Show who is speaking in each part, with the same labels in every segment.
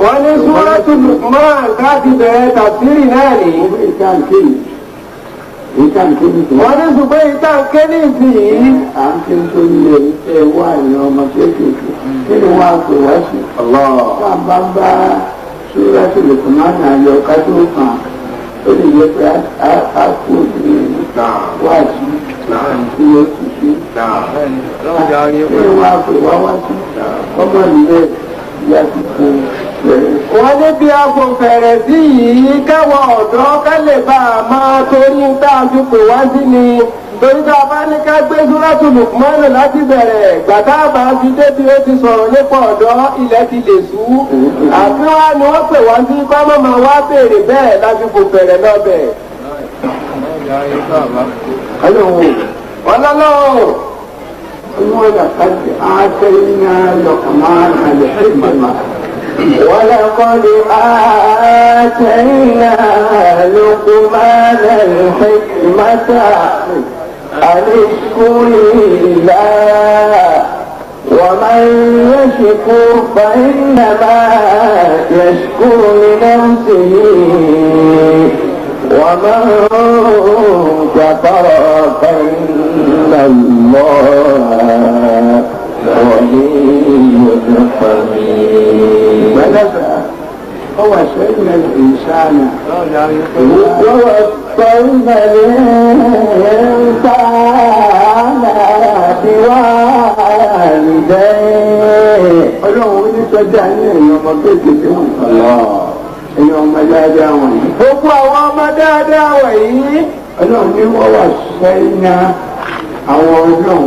Speaker 1: wọ́n ní súrọ́tù Luqman káàtì bẹ̀rẹ̀ tàbírì náà ní. wọ́n ní ṣùgbọ́n ìta kéde sí i. à ń ké tó ilé iṣẹ́ wà ní ọmọ kéékèèké kí ni wọ́n á pè wá sí. káàbá bá súrọ́tù Luqman àyọ̀ ká tó kàn ó lè yẹ pé a kú òbí wá sí i ó ti ṣe. kí ni wọ́n á pè wá wá sí. ọmọ nìyẹn wọ́n ní bí afunfẹ̀rẹ̀ sí yìí káwọn ọ̀dọ́ ká lè bá a máa torí tá a fi pè wá sí ni torí tá a bá ní ká gbé súrátù lùkùmọ́nù láti bẹ̀rẹ̀ gbàtà bá fi débi ó ti sọ̀rọ̀ nípa ọ̀dọ́ ilẹ̀ ti lè sú àfi wá ni wọ́n pè wá sí kọ́ mọ́ máa wá béèrè bẹ́ẹ̀ láti kò fẹ̀rẹ̀ lọ́bẹ̀. ọlọ́lọ́ ولقد آتينا لقمان الحكمة ولقد آتينا لقمان الحكمة أن اشكر لله ومن يشكر فإنما يشكر لنفسه ومن كفر فإن الله غني حميد هو سيدنا الإنسان ووصينا الإنسان بوالديه. Ọlọ́run ní sọ́jà ní èèyàn ọmọ kéèké tí wọ́n ń sọ ẹ̀yin ọmọ dáadáa wọ̀nyí. gbogbo àwọn ọmọ dáadáa wọ̀nyí. ọlọ́run ní wọ́n wà sẹ́yìn àwọn ọlọ́run.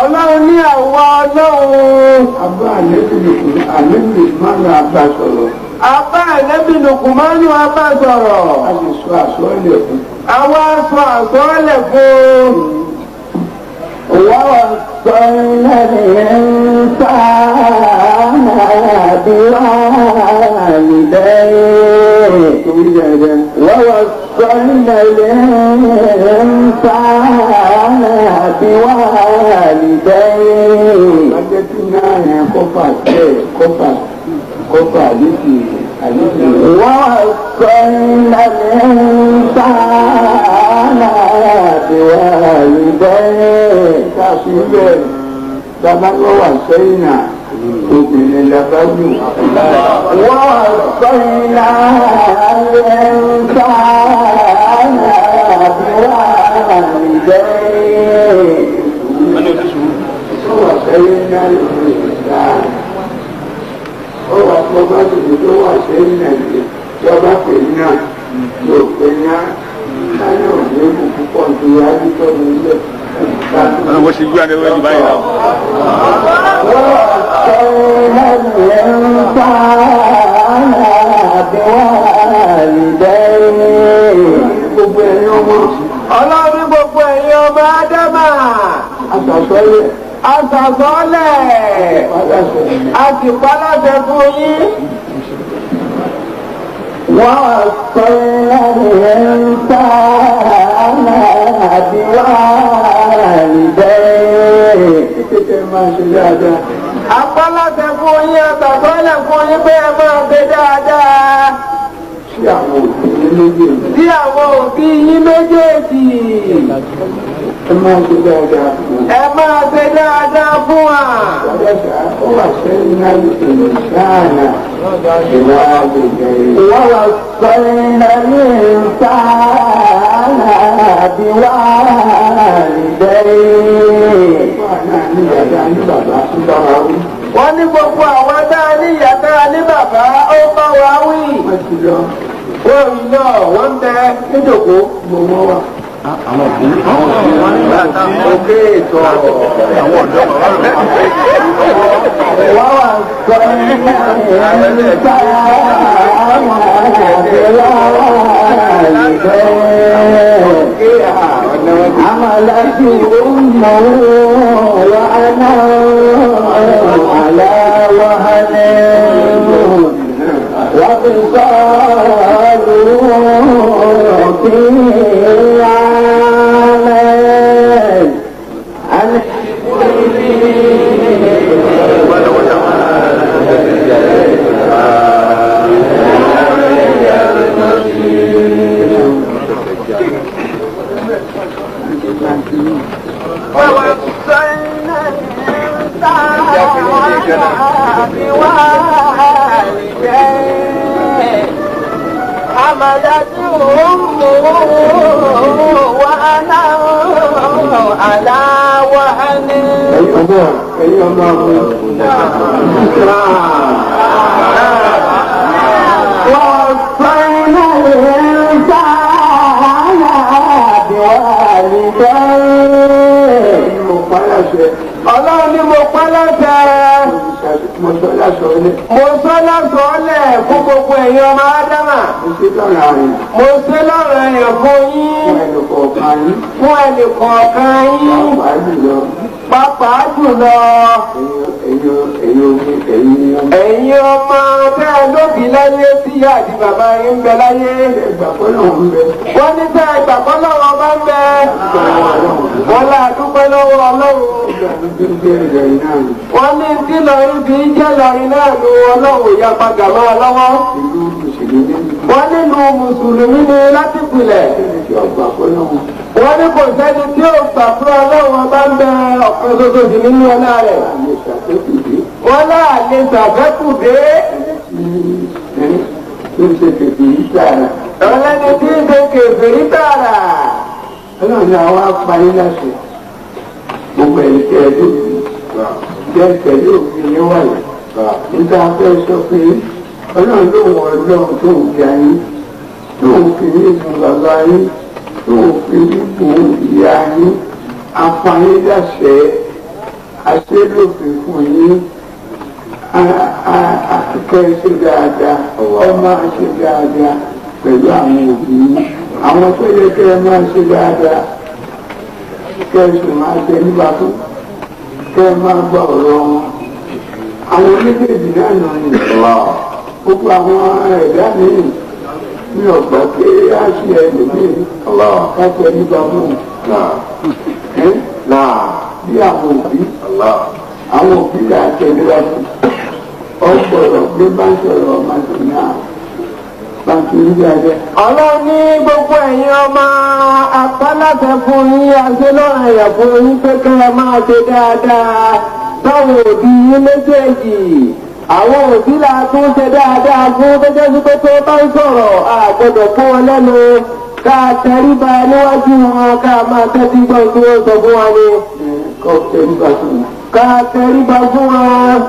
Speaker 1: ọlọ́run ní àwọn ọlọ́run. abá àlébìlùkù àlébìlùkù abá sọ̀rọ̀. abá àlébìlùkù máa ń abá sọ̀rọ̀. a lè sọ àsọ̀ọ́lẹ̀ fún. àwa sọ àsọ̀ọ́lẹ̀ fún. wọ́n sọ ilé ìyẹn ń sáà. جدا ووصينا الإنسان بوالديه ووصينا الإنسان بوالديه تاسيبه تمام ووصينا obìnrin lábá jù. wọ́n kọ́ iná alẹ́ ń bá àbúrò àlùjẹ́. ó wà pọ̀ bá dùn tó wà sẹ́yìn náà lè jọba pè náà yóò pè náà láyé òní kò púpọ̀ ju ayé tó ní ilé. báwo ṣe gbé adé lórí báyìí náà ọlọ́run gbogbo ẹ̀yin ọmọ ádámà àtàsọ́lẹ̀ àtìpálàṣẹ fún yín. wọ́n sọ ẹ̀rẹ̀ ń ta àdìwá àìdẹ́ fún yín àtàkọ́lẹ̀ fún yín pé ẹ máa gbé dáadáa. sí àwọn òbí yín méjèèjì. sí àwọn òbí yín méjèèjì. ẹ máa gbé dáadáa fún wa. ẹ máa gbé dáadáa fún wa. ó wà sẹ́yìn náà lóṣèlú sáànà. ìwà àgbègbè. ìwà wà sẹ́yìn náà ní sáànà àbí wà dẹ́rẹ́. ìwà náà ní ìyàrá ní bàbá ń bára wí wọ́n ní gbogbo àwọn tá a ní ìyá tá a ní bàbá ó bá wa wí. wọ́n ti lọ. wọ́n ń lọ wọ́n ń wa. àwọn òbí àwọn òbí wọn nígbà tá a òkè ètò àwọn ọ̀dọ́ bàbá rẹ̀ wọ́n wà sọ nípa ìgbà àwọn àgbẹ̀ wọ́n àyè عملت أمه وأنا على وهن وقصاده في عامين عن حبه بوالديه حملته امه وانا على وهن أيها الله أيها الله mo sọ lásọọlẹ fún gbogbo ẹ̀yin ọmọ ádámà mo sọ lọ́rọ̀ ẹ̀yàn fún yín fún ẹnì kọ̀ọ̀kan yín pàápàá jùlọ ẹ̀yin ọmọ bẹ́ẹ̀ lóbi láyé tí ìyá àti bàbá yín ń bẹ láyé wọ́n ní sẹ́ ẹgbàgbọ́ lọ́wọ́ bá ń bẹ wọ́n lá dúpẹ́ lọ́wọ́ ọlọ́run wọ́n ní tí lọ́rí fi ń jẹ́ lọ́rí náà ló ọlọ́run ìyá padà máa lọ́wọ́. wọ́n nínú mùsùlùmí ni láti pilẹ̀. wọ́n ní kò sẹ́ni tí ó gbà fún ọlọ́run bá ń bẹ ọ̀kan ṣoṣo sí nínú ọlá rẹ̀. wọ́n náà lè ṣàfẹ́kù tí ń ṣe kèfèrí tààrà. ọlọ́run ni àwa pa yín láṣẹ gbogbo ẹni tẹ ẹ lófin jẹ pẹ̀lú òfin níwọ̀nyí nígbà fẹ́ sọ pé ọlọ́run lóun ọlọ́run tó ń ga yín tóun fi ní ìbùn bàbá yín tóun fi ní ìbùn ìyá yín afáyé dàṣẹ aṣẹ́lófin fún yín akẹ́kẹ́ ṣe dáadáa ọmọ ṣe dáadáa pẹ̀lú àwọn òbí àwọn tó yẹ kẹ́ ẹ máa ṣe dáadáa kẹ́ ẹ sì máa jẹ nígbà tó kẹ́ ẹ máa gba ọ̀rọ̀ wọn. àwọn méjèèjì náà nà ní gbogbo àwọn ẹ̀dá míì ní ọ̀gbà pé á ṣe ẹ̀dùn míì ká jẹ nígbà fún un. bí àwọn òbí àwọn òbí là jẹ nígbà fún un. gbé bá ń sọ̀rọ̀ ọmọdé náà ọlọ́run ní gbogbo ẹ̀yin ọmọ apálàfẹ́ fún yín àgbélọ́ràn ẹ̀yà fún yín pé kí ẹ máa ṣe dáadáa báwo òbí yín méjèèjì àwọn òbí la tún ṣe dáadáa fún gẹ́gẹ́ bí pé tó bá ń sọ̀rọ̀ àgbọ̀dọ̀ fún wọn lẹ́nu ká tẹríba níwájú wọn ká máa tẹ́tí gbọ́ tí wọ́n sọ fún wa ni. ká tẹríba fún wọn.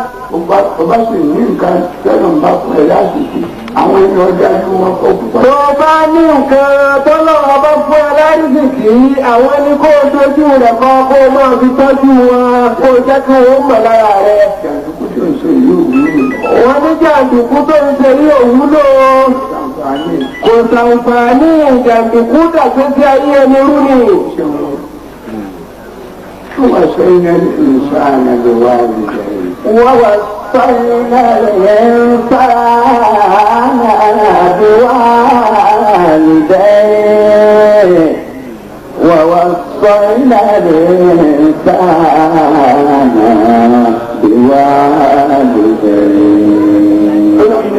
Speaker 1: ọba sì ní nǹkan tẹ́lọ̀ ń bá fún ẹ̀ láti àwọn èèyàn dájú wọn kọ púpọ̀. tó o bá ní nǹkan tó lọ́wọ́ bá fún alárìsìkì àwọn ẹni kó o dojú rẹ̀ kọ́ kó o máa fi tọ́jú wọn kó o jẹ́ kí wọ́n mọ̀ lára rẹ̀. jàǹdùkú tó ń sọ èyí òwúlò. wọ́n ní jàǹdùkú tó ń sọ èyí òwúlò. kò sàǹfààní jàǹdùkú dàgbé sí ayé ẹni rú ni. ṣé wàá sọ iná ní ìṣáà náà lè wá àwùjọ yìí. ووصلنا الإنسان بوالديه ووصلنا الإنسان بوالديه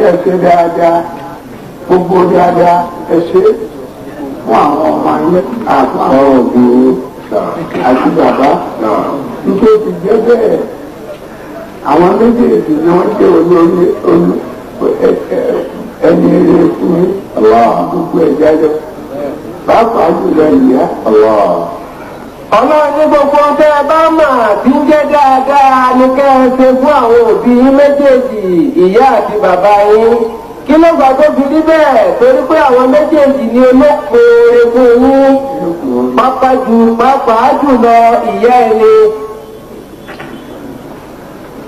Speaker 1: ẹsẹ̀ dáadáa gbogbo dáadáa ẹsẹ̀ fún àwọn ọmọ ayé àtàwọn òbí àti bàbá nítorí jẹ́ bẹ́ẹ̀ àwọn méjèèjì ni wọ́n jẹ́ olórí olú ẹni rere fún mi ọlọ́run gbogbo ẹ̀já jọ pàápàá jùlọ ìyá ọlọ́run. ọlọ́run ní gbogbo ọjọ́ ẹ bá mà bí ń jẹ́ dáadáa ni kẹ́ ẹ ṣe fún àwọn òbí méjèèjì ìyá àti bàbá yín kí ló gbà tó fi rí bẹ́ẹ̀ torí pé àwọn méjèèjì ni olókoore fún yín pàápàá jùlọ ìyá ẹni.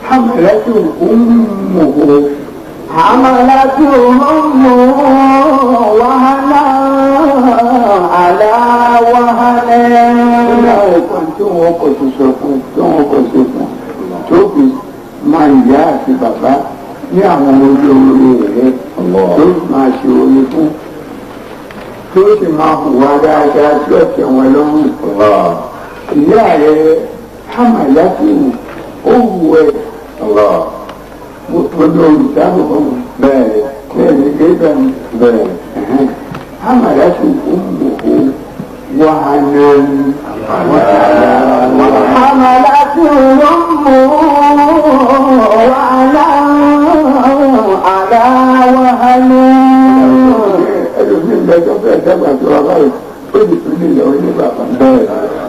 Speaker 1: حملته أمه حملته أمه وهنا على وهنا tí wọ́n kọ̀ sí sọ fún tí wọ́n kọ̀ sí fún tó fi máa ìyá àti bàbá ní àwọn ojú oore rẹ̀ tó máa ṣe oore fún tó sì máa hùwà dáadáa tí ọ̀tẹ̀ wọn lọ́rùn. ìyá rẹ̀ hàmà yá sí wù ó wù ẹ̀ gbogbo olùdáàbò bò wọn. bẹ́ẹ̀ni bẹ́ẹ̀ni gẹ́gẹ́ mi. bẹ́ẹ̀ni. amara tún kúndùn kó wàhánà amara tún mú wàhánà àlá wàhánà. ẹlòmíì ń bẹ tó fẹ́ dábàá tó wà báyìí ó di tún nílẹ̀ oníbàbà. bẹ́ẹ̀ni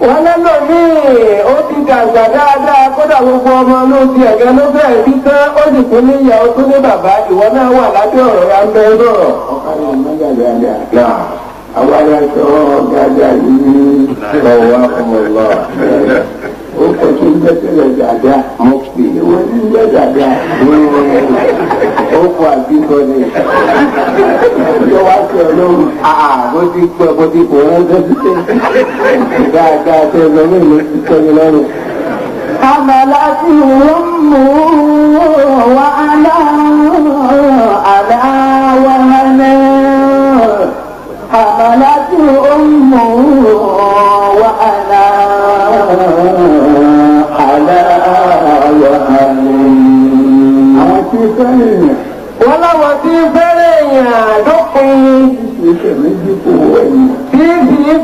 Speaker 1: wọn lẹ́nu míì ó ti dàgbà dáadáa kódà gbogbo ọmọ ló ti ẹ̀gẹ́ ló bẹ̀rẹ̀ bí tán ó sì tún ní ìyàwó tó ní bàbá ìwọ náà wà lábẹ́ ọ̀rọ̀ ya ń bẹ́ lọ́rọ̀. ọ̀kadà ìmọ̀jà dáadáa àwọn aláṣọ ọ̀gá dáadáa yìí ọ̀wá ọmọ ìlọ́ọ̀ ó kẹ̀kẹ́ ń gbẹ́sẹ̀lẹ̀ dàda mo pè é wọ́n ní ilé dàda ó kọ àbíkọ ni ìjọ wa sọ lóru àbó ti pẹ́ bó ti pọ̀ wọ́n tó ti tẹ́ dáadáa tẹ́ lọ mí ló ti tẹ́ mi lọ́rùn. àmàlà ti wọ́n mú wọ́n wá aláwọ̀.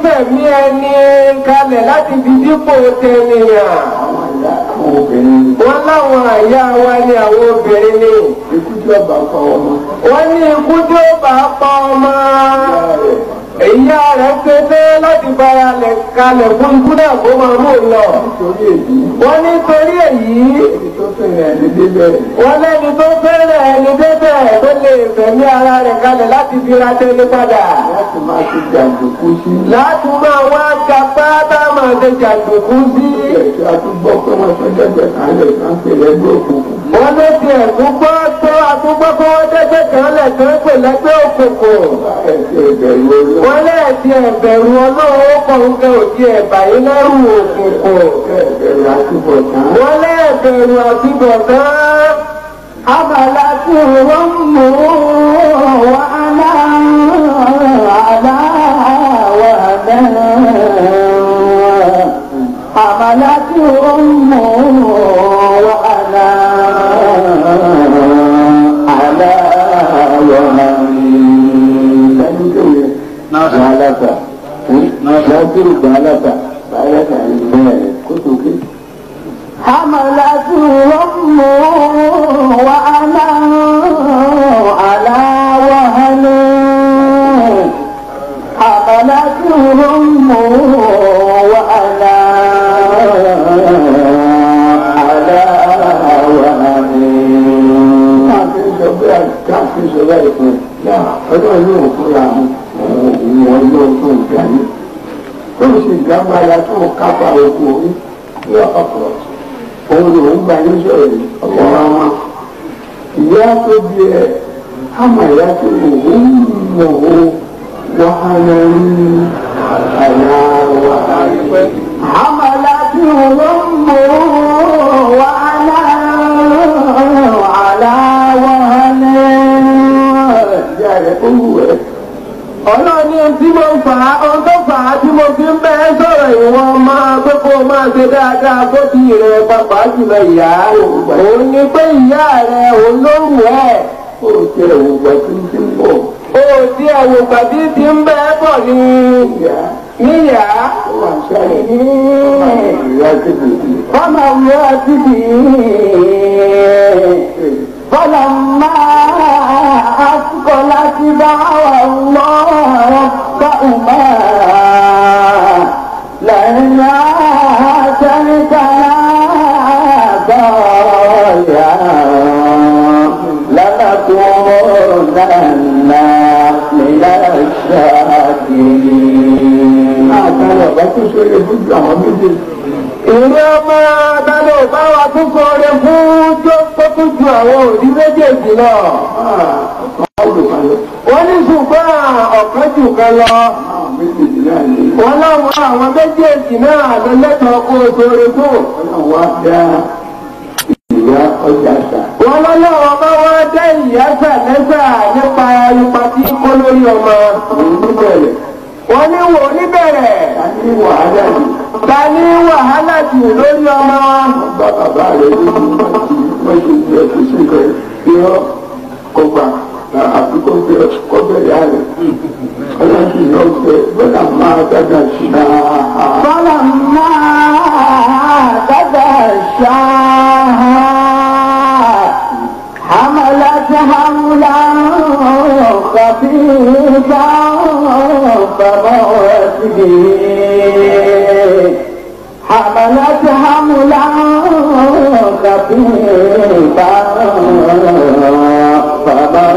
Speaker 1: fífẹ̀mí ẹni kalẹ̀ láti fi dípò tẹnìyàn. wọ́n láwọn àyà wa ni àwọn obìnrin ni. ikú tí ó bá pa ọmọ. wọ́n ní ikú tí ó bá pa ọmọ èyí ààrẹ ṣe fẹ́ láti fara kalẹ̀ fún ikú náà kó máa mú un lọ. wọ́n ní torí èyí. wọ́n lẹ́ni tó fẹ́rẹ̀ ẹni débẹ̀ tó lè fẹ̀mí ara rẹ̀ kalẹ̀ láti fi ra tẹ́lẹ̀ padà. láti máa wá gapá bá máa ṣe jàǹdùkú sí. a tún gbọ́ pé wọ́n ṣe dẹ́gbẹ̀ kan lẹ̀ kan pè lẹ́gbẹ́ òkùnkùn. wọ́n ló ti ẹ̀kún gbọ́ tó àtúgbọ́ pé wọ́n dẹ́gbẹ̀ kan lẹ̀ kan pè lẹ́gbẹ́ òkùnkùn. wọ́n lẹ̀ ti ẹ̀bẹ̀rù ọlọ́run ó kọ̀ ń kẹ́ òdi ẹ̀bà yín lẹ́rù òkùnkùn. wọ́n lẹ̀ ẹ̀bẹ̀rù àtúbọ̀tán. abàlá tí wọ́n mú un. الدالة بعدك عن البال كتب حملته أمه وأنا على وهن حملته أمه وأنا على وهن تعطي شباب تعطي شباب لا حلو يوم كل عام ويوم كل كامل ó sì gbàgbọ́ aya tó ń kápá òkú orí ní ọ̀pọ̀ òun lòún gba níṣẹ́ rẹ̀ ọ̀pọ̀ ọmọ ìyá tó bí ẹ àmọ́ ìyá tó òun mọ̀ ó wàhálà ní àyà wàhálà. àmọ́ ìyá tó òun mọ̀ ó wàhálà wàhálà wàhálà. ìyá rẹ̀ ó wù ẹ́ ọlọ́ọ̀ni tí mo fà á ọgọ́ fà á tí mo fi ń bẹ́ ẹ sọ̀rọ̀ ìwọ̀n máa pé kó o máa ṣe dáadáa kó ti rẹ̀ pàpà jùlọ ìyá òun ni pé ìyá rẹ̀ òun ló wù ẹ́. ó ti ẹ̀wò gbà tí ń ti ń bọ̀. ó ti ẹ̀wò gbà tí ń ti ń bẹ́ ẹ bọ̀ ni. níyà. ọmọ ìyá ti bì í. فلما أثقلت دعوى الله ربهما لئن آتيتنا داريا لنكونن من الشاكرين. أعتقد أنك سيكون ما بلغ ju méjèèjì lọ wọ́n ní ṣùgbọ́n ọ̀kan jù kan lọ wọ́n láwọn àwọn méjèèjì náà lọ lẹ́tọ̀ọ́ kó o sórí fún. wọ́n lọ́lọ́ ọmọ wọn dé ìyáṣà lẹ́sà nípa ipa tí kó lórí ọmọ. wọ́n ní wò ó níbẹ̀rẹ̀. tani wàhálà jù lórí ọmọ wọ́n ṣe jẹ kò sí nǹkan irọ́ ọgbà àfikún pé kọ́bẹ̀rẹ̀ rẹ̀ ọlọ́sìn náà fẹ́ bọ́lá máa dàgbà ṣáá. bọ́lá máa dàgbà ṣáá. حملت حملا خفيفا فموت به ta và bao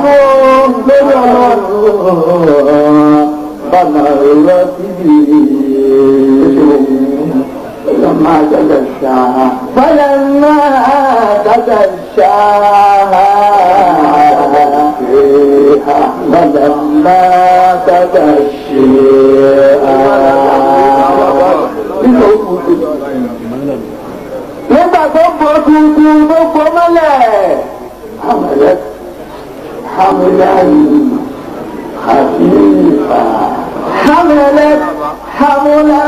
Speaker 1: láàánú lórí ọmọ. bàbá ìlọ síbi lọ́mọ àjọjọ ṣáá. fọlẹ̀ náà àjọjọ ṣáá. ولما تغشيها nígbà tó bọ́ tuntun ló gbọ́ mọ́lẹ̀. حملا خفيفا حملت حملا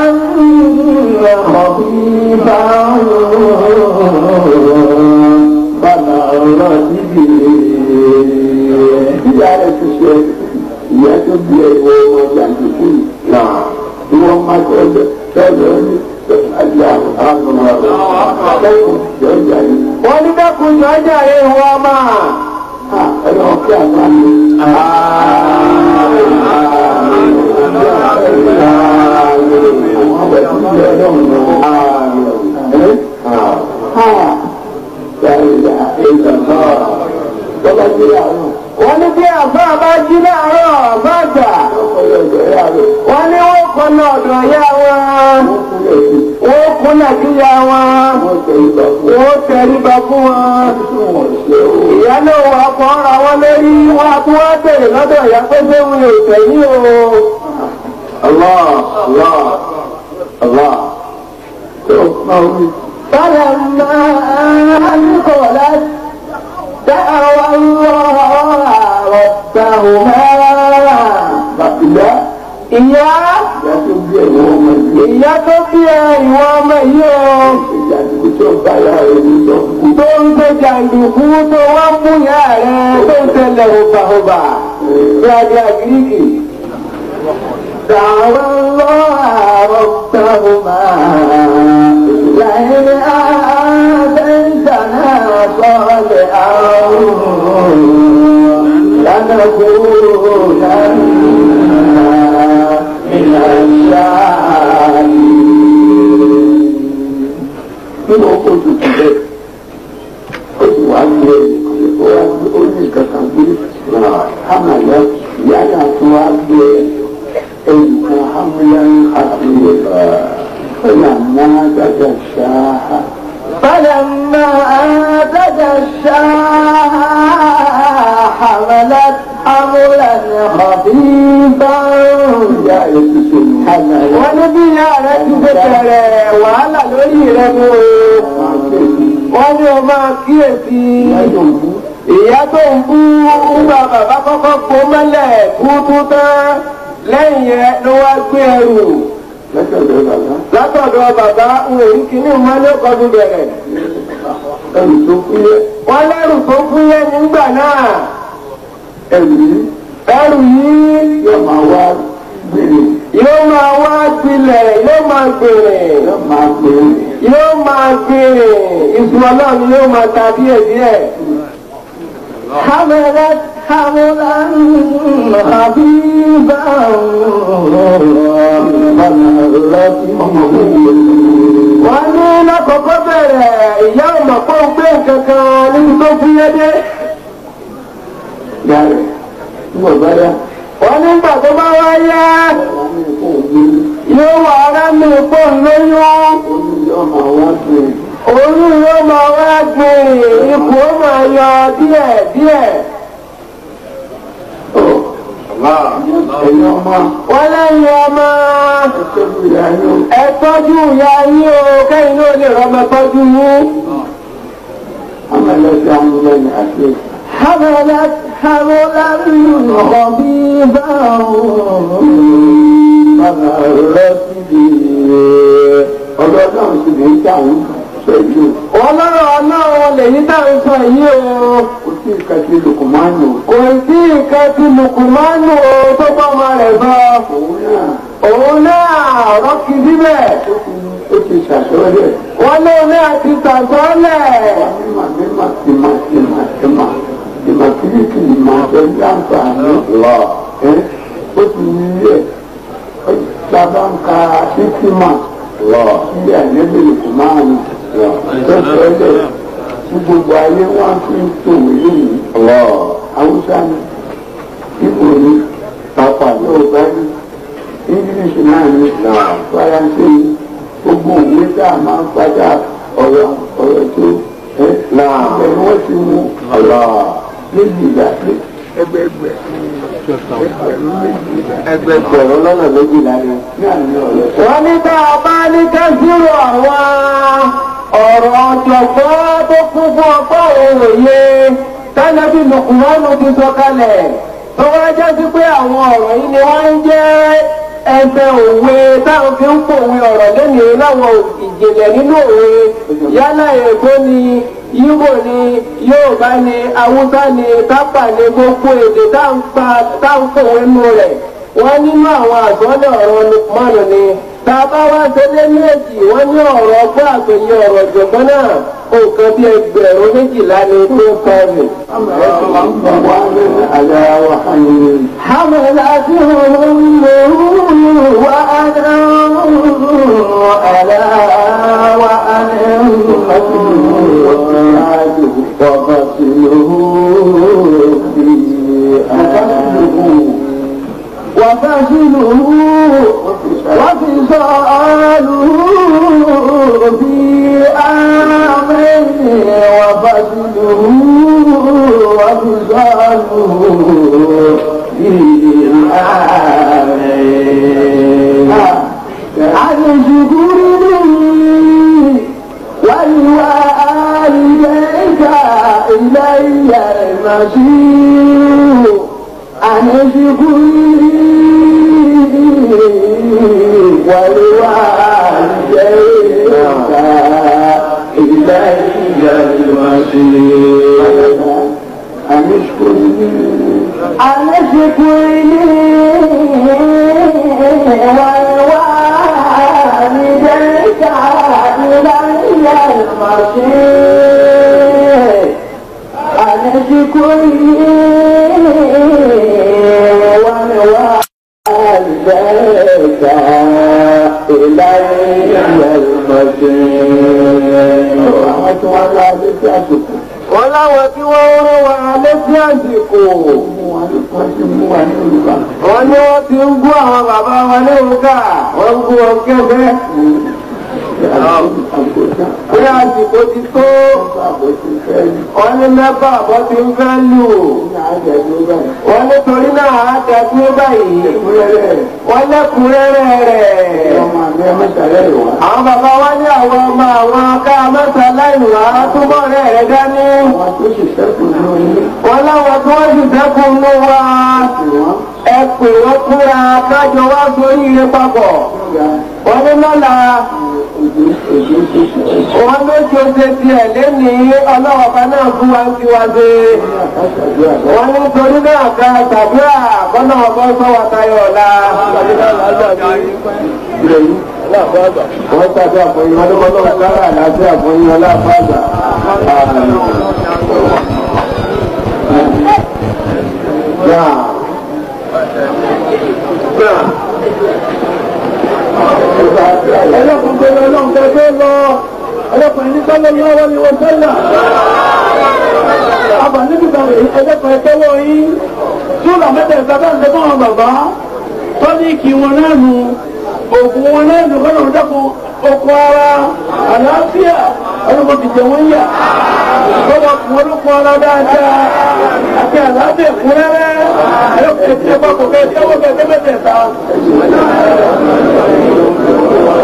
Speaker 1: خفيفا فمرت به يا رب الشيخ يا تبدي وما تعمل نعم وما تقول تقول wọ́n ní bẹ́ẹ̀ kú jọ jàre wọ́n máa ọlọ́run kí àwọn àmì. àwọn ọ̀bẹ̀ tí ń bẹ ọlọ́run. kíyà wọn. Wọ́n tẹríba fún wọn. Ìyá náà wà kọ́ ara wọn lórí wọn kí wọ́n bèrè lọ́dọ̀ ìyá pé pé wọn ò tẹ̀yìn o. Allah Allah Allah. فلما أنقلت دعوا الله ربهما إياه ìyá tó bí ẹ ìwọ ọmọ yìí o. ìjàdùkú tó bá yà rẹ ní ìjọkú. tó ń gbé jàǹdùkú tó wá mú yà rẹ tó ń tẹlẹ òbàòbà bí adé àgíríkì. dàwọn lọ àrọ táwọn máa lẹ́yìn àbẹ́ńtàná sọ́ọ̀lẹ̀ àrùn lánàá kúrò náà. منهم قلت الكتاب قلت وعلي وقلت الكتاب حمل يعني تعبد انت حملا خطيرا فلما تجشاها فلما تجشاها حملت حملا خفيفا يا ابن سنة ونبي على تبتلى وعلى الولي رموه wọ́n ní o máa kíyèsí ìyá tó ń bú nígbà bàbá kọ́kọ́ po mọ́lẹ̀ kú tó tán lẹ́yìn yẹn ló wá gbé ẹrù látọ̀dọ̀ bàbá ń èyí kìíní mọ́ ní bẹ̀rẹ̀ ẹrù tó fúyẹ́. wọ́n lẹ́rù tó fúyẹ́ nígbà náà. ẹrù yìí. ẹrù yìí. yóò máa wá gbèrè. yóò máa wá gbilẹ̀ yóò máa gbèrè. yóò máa gbèrè yóò máa gbèrè ìṣúná náà ni yóò máa ta díẹ̀ díẹ̀. حملت حملا خفيفا wọ́n ní lákọ̀ọ́kọ́ bẹ̀rẹ̀ ìyá ọ̀mà pọ̀ gbé kankan níbi tó fi yédé. Yàrá ìwọ ìbáyá. Wọ́n tó bá wáyé yóò wà á rámi pọ̀ lóyún. Orí yóò máa wá gbìn ipò ó máa yọ díẹ̀ díẹ̀. Oh, Wọ́n lẹ́yìn ọmọ ẹ tọ́jú ìyá yín o kẹ́yìn náà lè rọmọ tọ́jú yín. حملت حملا خبيبا فمرت به táwọn sọ èyí o. ọlọ́rọ̀ ọlọ́rọ̀ lẹ́yìn táwọn sọ èyí o. kò sí nǹkan tí lukumanu. kò sí nǹkan tí lukumanu o tó bá ọmọ rẹ̀ sọ. òun náà. òun náà ọ̀rọ̀ kì í síbẹ̀. ó ti ṣàṣọlẹ̀. wọ́n lé omi àti ṣàṣọlẹ̀. mímà mímà tìmà tìmà tìmà tìmà kìlìkì ìmọ̀ àtẹ̀yìn àǹfààní. ó ti yí ẹ̀ bàbá ń ka ṣíkìmà àlébè kò máa ń tọ́jú ẹgbẹ́ tí gbogbo ayé wá fi ń tò yìí haúsá ni ibo ni pàpà yóò bá ní english náà ni faransé ni gbogbo òwe tá a máa ń padà ọ̀rọ̀ ọ̀rọ̀ tó ẹ ẹ wọ́n ti mú níbi ìgbà pé ẹgbẹ́gbẹ́ ẹgbẹgbẹ̀rún lọ́nà méjìlá ni. wọ́n ní bá a bá ní kẹ́sìrò àwọn ọ̀rọ̀ ọ̀jọ̀gbọ́n tó kún fún ọgbọ́n òòye tánàbí lùkùnmọ́nù ti sọ kalẹ̀ tó wá jẹ́ sí pé àwọn ọ̀rọ̀ yìí ni wọ́n ń jẹ́ ẹgbẹ́ òwe táwọn fi ń pòwe ọ̀rọ̀ lónìí láwọn ìjìnlẹ̀ nínú òwe yálà èkó ni. Yíbò ni Yorùbá ni Haúsá ni Kápà ni gbogbo èdè tá à ń pòwe nù rẹ̀ wọ́n nínú àwọn àgbọ́lẹ̀ ọ̀rọ̀ Lukman ni tá a bá wá délé méjì wọ́n ní ọ̀rọ̀ ọgbọ́n àgbẹ̀yẹ ọ̀rọ̀ ìjọ̀gbọ́n náà nǹkan bíi ẹgbẹ̀rún méjìlá ni tó kọ́ mi. حمل أسهم له وفجله وفجاله في آمين وفجله وفجاله في آمين Thank you. wọ́n ní wọ́n ti ń gún àwọn bàbá wọn ní òun wọ́n gún wọn kẹ́kẹ́. ti tó. wọ́n ní mẹ́fà àbọ̀ ti ń fẹ́ lù. wọ́n nítorí náà á ta dúró báyìí. wọ́n lẹ́kùnrẹ́rẹ́ rẹ̀. àwọn bàbá wa ní àwọn ọmọ àwọn ká mẹ́ta láìní wá túbọ̀ rẹ̀ rẹ̀ dání. wọ́n láwọn tó ń ṣiṣẹ́ kunu wa. ẹ pè wọ́n kúra kájọ wá sórí ire papọ̀. wọ́n ní lọ́la wọ́n ló ṣe ṣe tiẹ̀ lẹ́nìí ọlọ́wọ́ bá náà fún wa ti wá ṣe. wọ́n ní torí náà ká tàbíà bọ́nà ọgbọ́n sọ wa tayọ̀ ọ̀la. wọ́n tàbí àfọyín wọn ló kọ́ lọ́wọ́ sára àlàáfíà àfọyín wọn láàbàgbà. Yeah ẹlẹ́kùn tó lọ ọlọ́run tẹ tó lọ ẹlẹ́kùn ẹni tó lọ lọ́wọ́ ni wọ́n tẹ́lẹ̀ àbà níbi kan rèé ẹlẹ́kùn ẹ tẹ́wọ́ yín tó là mẹ́tẹ̀ẹ̀ta bá ń tẹ́ fún àwọn bàbá tọ́níìkì wọn náà nù òògùn wọn náà nù kọ́nà ọ̀dọ́kùn oko ara àlàáfíà ọlọ́kùn ti wọ́n yà lọ́wọ́ kún olókùn ara dáadáa àti àlàáfíà kúrẹ́rẹ́ ẹlẹ́kùn ẹ tẹ́wọ́ kọ̀ọ̀kẹ́ tẹ́wọ́ kẹ́kẹ́ mẹ́tẹ̀ẹ̀ta àwọn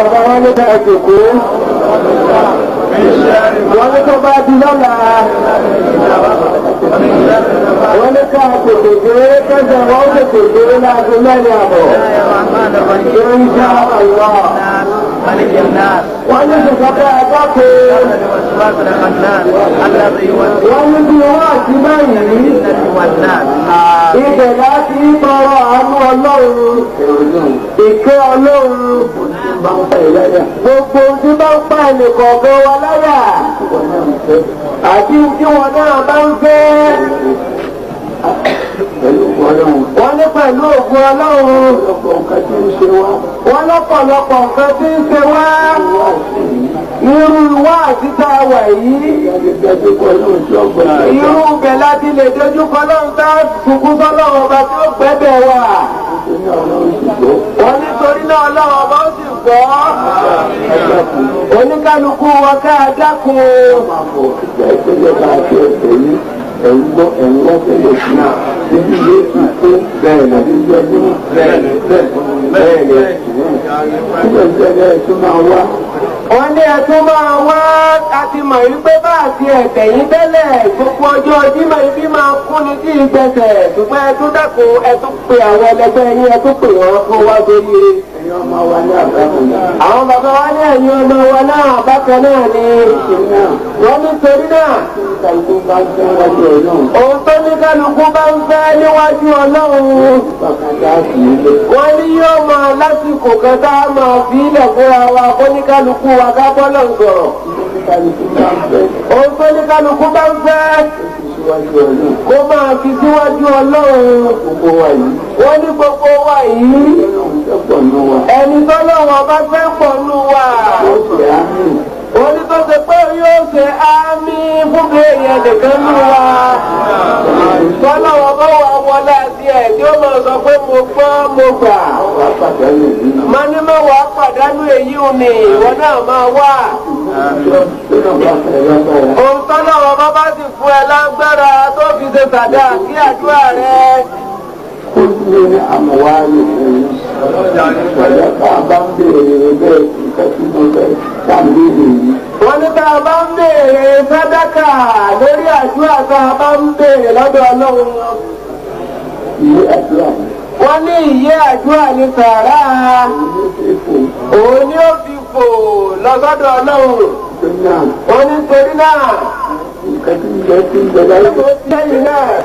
Speaker 1: bàbá wa ní ká ẹ̀kẹ́kọ́ wọ́n ní ká bá di lọ́la wọ́n ní ká tètè dé kẹ́jà wọ́n tètè dé láago mẹ́rin àbọ̀ ìrìn ìjà àlọ́. ملك الناس وأنت فقاء باكو الوسواس الخناس الذي يوسوس وأنت يواك ما يلي والناس إذا لا تيطر عنه الله ìkẹ́ ọlọ́run gbogbo tí bá ń pa ẹnìkọ̀ọ̀kan wa láyà àti tí wọn náà bá ń fẹ́. ọlọ́run wọn lọ́pọ̀lọpọ̀ nǹkan tí ń ṣe wá irú wá àtìta wà yìí irú bẹ̀ láti lè dojúkọ lọ́run tá kúkú sọ́lọ́run ọba tí ó gbẹ́bẹ̀ wà wọ́n nítorí náà ọlọ́run ọba ó sì gbọ́ oníkálukú wọn ká dákun ẹ̀ńgbọ́ ẹ̀ńgbọ́ tẹ́lẹ̀ sí náà níbi ilé ìkó bẹ́ẹ̀ lẹ̀ níbi ẹgbẹ́ bẹ́ẹ̀ lẹ̀ bẹ́ẹ̀ lẹ̀ síbẹ̀ síbẹ̀ ẹ̀ tó máa wá. wọ́n ní ẹ tó máa wá a ti mọ̀ wípé bá a ti ẹ̀tẹ̀ yín tẹ́lẹ̀ gbogbo ọjọ́ jímọ̀ ibi máa kún ni tí ìgbẹ́sẹ̀ ṣùgbọ́n ẹ tún dàkún ẹ tún pe àwọn ẹlẹgbẹ́ yín ẹ tún pè wọ́n fún wá sórí àwọn bàbá wa náà ní ọmọ wa náà bákan náà ni wọ́n nítorí náà òun tó ní kálukú bá ń fẹ́ níwájú ọlọ́run wọ́n ní yóò máa lásìkò kan máa fi ilẹ̀ fúnra wa kó ní kálukú wa ká bọ́lọ̀ ń sọ̀rọ̀ òun tó ní kálukú bá ń fẹ́ síwájú ọlọ́run. kó máa fi síwájú ọlọ́run. gbogbo wa yìí. wọ́n ní gbogbo wa yìí. ẹni tọ́lọ́wọ́n bá fẹ́ pọ̀ nù wa orí tó ṣe pé yóò ṣe àmì fún bèèyàn nìkan ní wa tọ́lá wọn bá wà wọlé àti ẹ̀ tí ó máa sọ pé mo gbọ́ mo gbà má ní má wàá pàdánù èyí òní ìwọ náà máa wà. òun tọ́lá bá bá sì fún ẹ lágbára tó fi ṣe sàdá sí àdúrà rẹ. kó ní àmọ́ wá ní ìlú ìjọba bá ń bèèrè bẹ́ẹ̀ nǹkan tí mo fẹ́ tà ní èyí. wọ́n ní bá a bá ń béèrè sàdákà lórí àdúrà tá a bá ń béèrè lọ́dọ̀ ọlọ́run. ìwé àdúrà mi. wọ́n ní ìyé àdúrà ní sàrà. òun ni ó fi fò lọ́sọ́dọ̀ ọlọ́run. ó ní torí náà. nǹkan tí mo fẹ́ tí mo fẹ́ láyé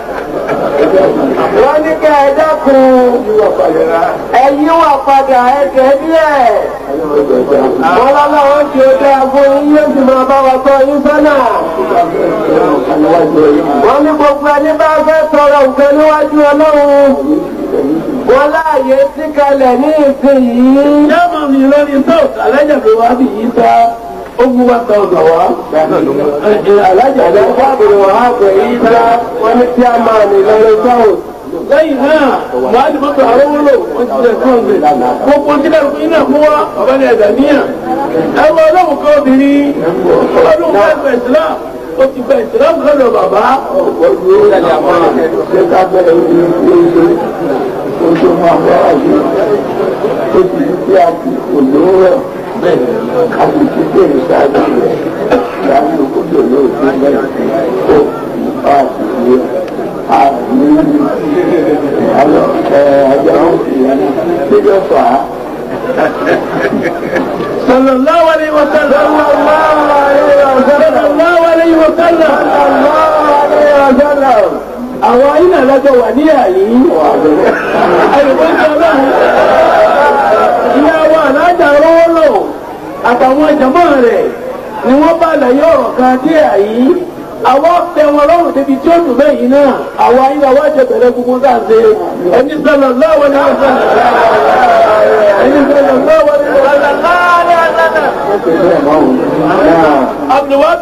Speaker 1: wọ́n ní ká ẹ dákun ẹ̀yìn wà padà ẹ̀kẹ́ díẹ̀ wọ́n lọ́la wọ́n ti o dé agbo yín yóò sì máa bá wa tọ́ yín sọ́nà wọ́n ní gbogbo ẹni bá fẹ́ sọ̀rọ̀ nǹkan níwájú ọlọ́run wọ́n láàyè síkalẹ̀ ní ìsìn yìí. yẹ́n mọ̀ mi lórí tó àlẹ́jẹ̀ mi wá bì yí sá ó mú wá gba ọ̀nà wá alájà lọ bá bèrè wà á bẹ̀ yí dá wọn ní tí a máa ní lọ́rẹ́ sáwọ̀. lẹ́yìn náà màálù mọ́tò àrówólò wọ́n ti tẹ̀ fún ọ̀gbìn gbogbo nílẹ̀ fún iná fún wa ọ̀bẹ ní ẹ̀dá níyà ẹ̀rọ ọlọ́run kan obìnrin ọdún fẹ́ẹ̀fẹ́ ìsìlá ó ti bẹ ìsìlámù lọ́dọ̀ bàbá. ọ̀pọ̀lọpọ̀ ìlànà àmọ́ ẹ̀ka bẹ̀rẹ̀ oṣù oṣù máa bá àyè ó ti di pé a rẹ̀ àti bẹ́ẹ̀ ṣáájú rẹ̀ ṣáájú kódò náà tó bẹ́ẹ̀ tó bá ti ṣe àmì àwọn ọjọ́ níjọ́ fà á. صلى الله عليه وسلم صلى الله عليه وسلم الله عليه وسلم صلى الله عليه وسلم àwọn iná lọ́jọ́ wà ní àyè ẹ̀rùbọ́n tí ọlọ́run ìyá wa àlájà rówó lò àtàwọn jàmọ́ rẹ̀ ni wọ́n bá àlàyé ọ̀rọ̀ kan dé àyí àwa bẹ wọn lọ́rùn débi tí ó dùn lẹ́yìn náà àwa yín àwa jẹ bẹ̀rẹ̀ gbogbo tá à ń ṣe ẹni sọlọ lọ́wọ́ ni wọ́n sọlọ ẹni sọlọ lọ́wọ́ ni wọ́n sọlọ. Abdulwad.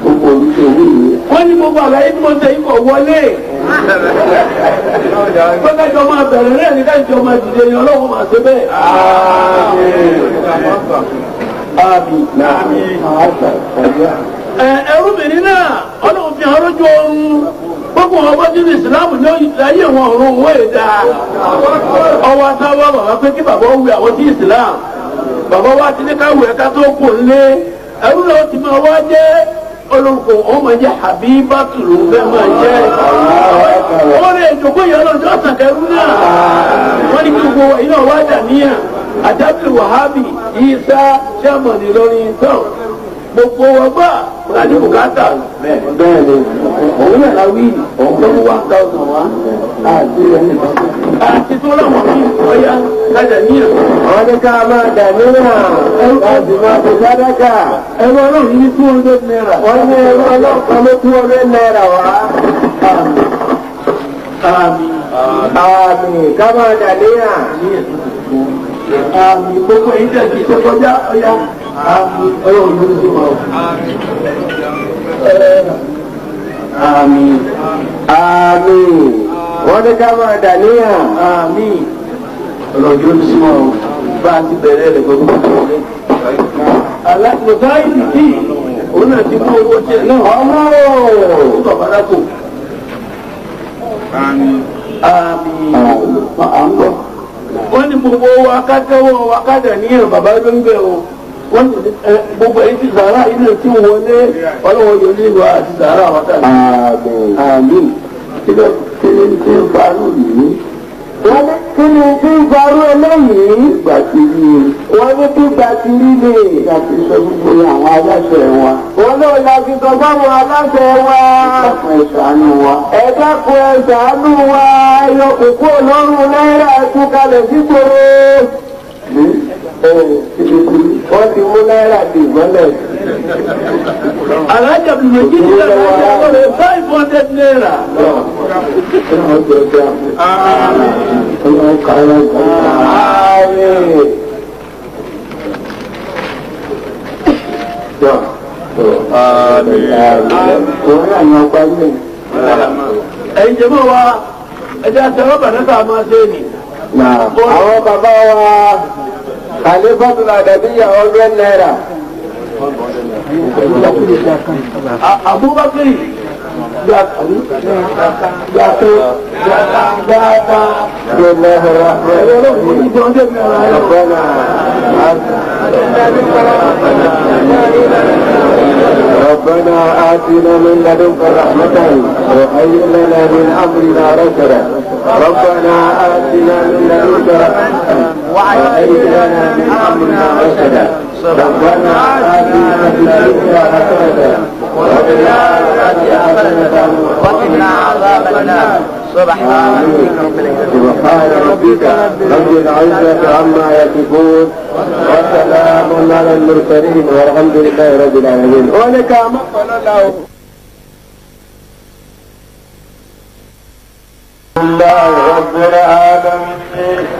Speaker 1: Gbogbo olùkọ́ wíìlì. wọ́n ní gbogbo ala tí mo ń tẹ̀yìn kọ̀ wọlé. gbọ́dọ̀ jọ máa bẹ̀rẹ̀ rẹ̀ ní káyọ̀ jọ máa dìde ni ọlọ́run máa ṣe bẹ́ẹ̀. ẹrú bìnrin náà ọlọ́run fi hàn lójú oorun gbogbo wọn bọ́ nínú ìsìláàmù ní láyé wọn ọ̀run òun ọwọ́ bàbá pé olórúkọ wọn máa jẹ Habibatu ló fẹ́ máa jẹ wọn rẹ ìjókòó yẹn lọ́jọ́ sàkẹrù náà wọn ní gbogbo ẹ̀yin náà wá dà níyà àdábìlì wàhábì yìí sá sàmọ̀nì lórí tán gbogbo wọn gbà láti bùkátà bẹ́ẹ̀ ni òun yàrá wíìlì lọ́mú one thousand wá. àti tó láwọn mí ọ̀yá kájà níyà. wọ́n ní ká máa dà níyà láti máa fi sádàkà. ẹ̀rọ ọlọ́run ní two hundred naira. wọ́n ní ẹ̀rọ ọlọ́run kan ló two hundred naira wá. àmín àmín ká máa dà níyà. àmín gbogbo ìjẹ́sí tó kọjá ọ̀yá ọlọ́run ló ti wà ó. àmín àmín wọ́n ní ká máa dà níyàn. àmín ọlọ́run ló ti wà ó. bá a ti bẹ̀rẹ̀ rẹ̀ gbogbo ìṣẹ̀lẹ̀. aláṣẹ báyìí bí òun náà ti mú owó tiẹ̀ náà. ọmọ ooo bàbá dákò. àmín àmín àmín. wọ́n ní gbogbo wa ká tẹ́wọ́ wa ká dà níyàn bàbá ló ń bẹ̀ o wọ́n ti gbogbo ẹni tí sàárà ilé tí wọlé ọlọ́wọ́ yóò ní ìwà àti sàárà wọn tà ni àmín kílọ̀ kí ni tí ń farú yìí. wọ́n ní kí ni tí ń farú eléyìí. ìgbà tí rí i. wọ́n ní kí ìgbà tí rí ni. ìgbà tí sọ gbogbo àwọn aláṣẹ wa. wọ́n náà la fi sọ fáwọn aláṣẹ wa. ẹ̀dákun ẹ ṣàánú wa. ẹ̀dákun ẹ ṣàánú wa. ẹyọ kókó lọ́rùn náírà ẹ̀kú kalẹ̀ sígboro wọ́n ti mú náírà di ìmọ́lẹ̀. alájà bìbè kí ni alájà lọ́rẹ̀ five hundred naira. ẹ̀yin jẹ́ mọ́ wa ẹ̀jẹ̀ àtẹwọ́ bàtà tá a máa ṣe ni. àwọn bàbá wa àlékọ́tù làdàbíyà ọ̀rẹ́ náírà. Abubakar gbàtó gbàtá gbẹlẹ ọ̀rọ̀ ọ̀rọ̀ ìjọba ọ̀rọ̀ ọ̀rọ̀. ربنا آتنا من لدنك رحمة وهيئ لنا من أمرنا رشدا ربنا آتنا من لدنك رحمة
Speaker 2: وهيئ لنا من أمرنا رشدا ربنا
Speaker 1: آتنا من لدنك رحمة وقنا عذاب النار سبحان سبحان ربك رب العزة عما يصفون وسلام على المرسلين والحمد لله رب العالمين ولك مقل له الله رب العالمين